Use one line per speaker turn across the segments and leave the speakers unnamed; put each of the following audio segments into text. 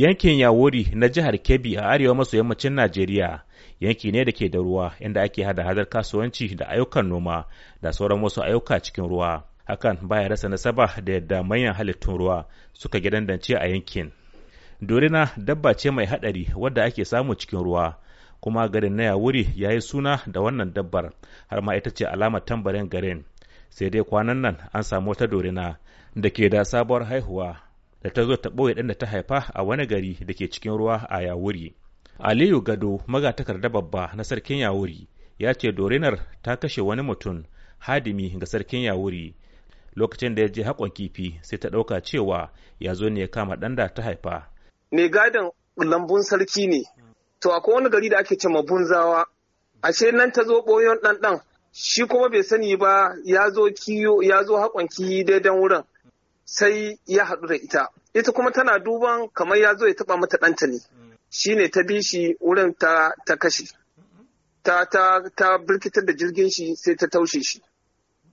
yankin yawuri na jihar kebbi a arewa maso yammacin najeriya yanki ne da ke da ruwa inda ake hada hadar kasuwanci da ayyukan noma da sauran wasu ayyuka cikin ruwa hakan baya rasa nasaba da yadda manyan halittun ruwa suka gidandance a yankin dorina dabba ce mai hadari wadda ake samu cikin ruwa kuma garin na yawuri ya yi suna da wannan dabbar har ma ita ce alamar tambarin garin sai dai kwanan nan an samu wata dorina da ke da sabuwar haihuwa da ta zo ta ɓoye ɗan da ta haifa a wani gari da ke cikin ruwa a yawuri aliyu gado magatakarda babba na sarkin yawuri ya ce dorinar ta kashe wani mutum hadimi ga sarkin yawuri lokacin da ya je haƙon kifi sai ta ɗauka cewa ya zo ne ya kama ɗan da ta haifa
mai gadon lambun sarki ne to akwai wani gari da ake ce bunzawa ashe nan ta zo ɓoyon ɗanɗan shi kuma bai sani ba ya zo kiyo ya zo haƙon kiyi daidan wurin sai ya haɗu da ita ita kuma tana duban kamar ya zo ya taɓa mata ɗanta ne shi ne ta bi shi wurin ta kashe ta ta birkitar da jirgin shi sai ta taushe shi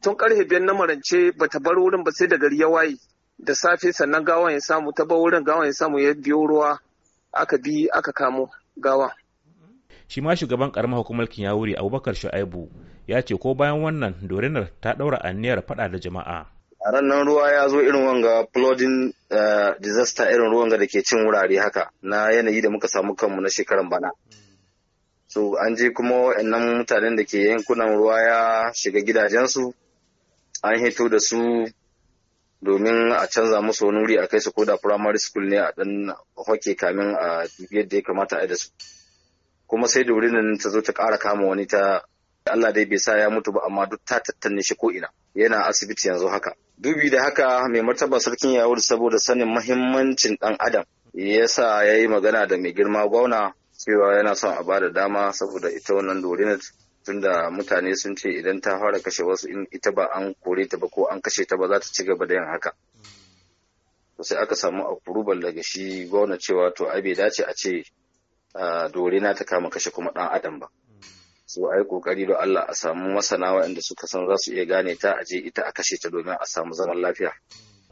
tun karfe biyar na marance ba ta bar wurin ba sai da gari ya waye da safe sannan gawan ya samu ta bar wurin gawan ya samu ya biyo ruwa aka bi aka kamo gawa.
shi ma shugaban karamar hukumar kinyawuri abubakar shu'aibu ya ce ko bayan wannan dorinar ta daura aniyar faɗa da jama'a
rannan ruwa ya zo irin wanga flooding eh, disaster irin ruwan da ke cin wurare haka na yanayi da muka samu kanmu na shekaran bana so an je kuma wa'annan mutanen da ke yankunan ruwa ya shiga gidajensu an hito da su domin a canza musu wani wuri a kai su ko da primary school ne a dan hoke kamin a yadda ya kamata a da su kuma sai da wurin ta zo ta ƙara kama wani ta Allah dai bai sa ya mutu ba amma duk ta tattanne shi ko ina yana asibiti yanzu haka dubi da haka mai martaba sarkin yawur saboda sanin mahimmancin dan adam yasa ya yi magana da mai girma gwauna cewa yana son a ba da dama saboda ita wannan dorinet tunda mutane sun ce idan ta fara kashe wasu in ita ba an kore ta ba ko an kashe ta ba za ta ci gaba da yin haka sai aka samu approval daga shi gwamna cewa to ai bai dace a ce ah, dorina ta kama kashe kuma dan adam ba so a yi kokari don Allah a samu masana waɗanda suka san za su iya gane ta a je ita a kashe ta domin a samu zaman lafiya.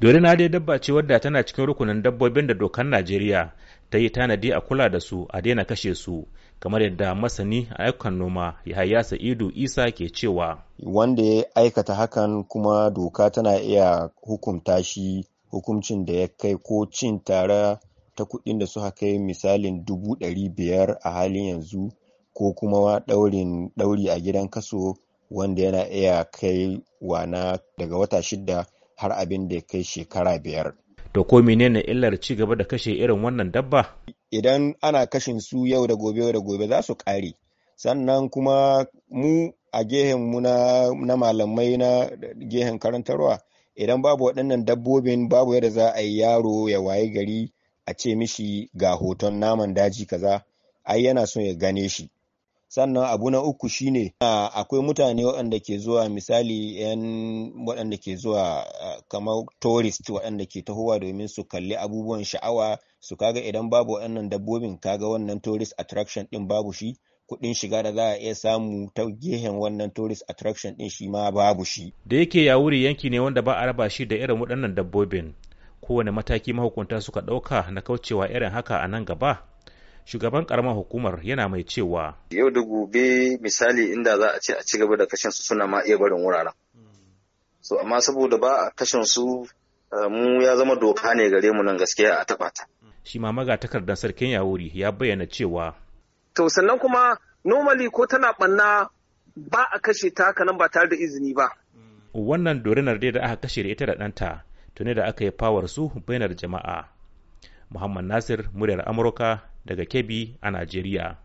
na dai dabba ce wadda tana cikin rukunin dabbobin da dokan Najeriya ta yi tanadi a kula da su a daina kashe su kamar yadda masani a ayyukan noma Yahaya Sa'idu Isa ke cewa.
Wanda ya aikata hakan kuma doka tana iya hukunta shi hukuncin da ya kai ko cin tara ta kuɗin da suka kai misalin dubu ɗari biyar a halin yanzu ko kuma ɗaurin ɗauri a gidan kaso wanda yana iya kai wana daga wata shida
har abin da ya kai shekara biyar. To ko menene illar ci gaba da kashe irin wannan dabba?
Idan ana kashin su yau da gobe yau da gobe za su ƙare. Sannan kuma mu a gehen mu na malamai na gehen karantarwa idan babu waɗannan dabbobin babu yadda za a yi yaro ya waye gari a ce mishi ga hoton naman daji kaza ai yana son ya gane shi sannan abu na uku shine akwai mutane waɗanda ke zuwa misali yan waɗanda ke zuwa kamar tourist waɗanda ke tahowa domin su kalli abubuwan sha'awa su kaga idan babu waɗannan dabbobin kaga wannan tourist attraction ɗin babu shi kuɗin shiga da za a iya samu ta gehen wannan tourist attraction ɗin shi ma babu shi.
Da yake ya wuri yanki ne wanda ba a raba shi da irin waɗannan dabbobin. Kowane mataki mahukunta suka ɗauka na kaucewa irin haka a nan gaba. shugaban karamar hukumar yana mai cewa
yau da gobe misali inda za a ce a ci gaba da kashin su suna ma iya barin wuraren so amma saboda ba a kashin su eh, mu ya zama doka ne gare mu nan gaskiya a taɓa ta
shi ma magatakardar sarkin yawuri ya bayyana cewa
to sannan kuma normally ko tana banna ba a kashe ta haka nan ba tare da izini ba
wannan dorinar dai da aka kashe da ita da ɗanta tuni da aka yi fawar su bainar jama'a muhammad nasir muryar amurka daga Kebbi a Najeriya.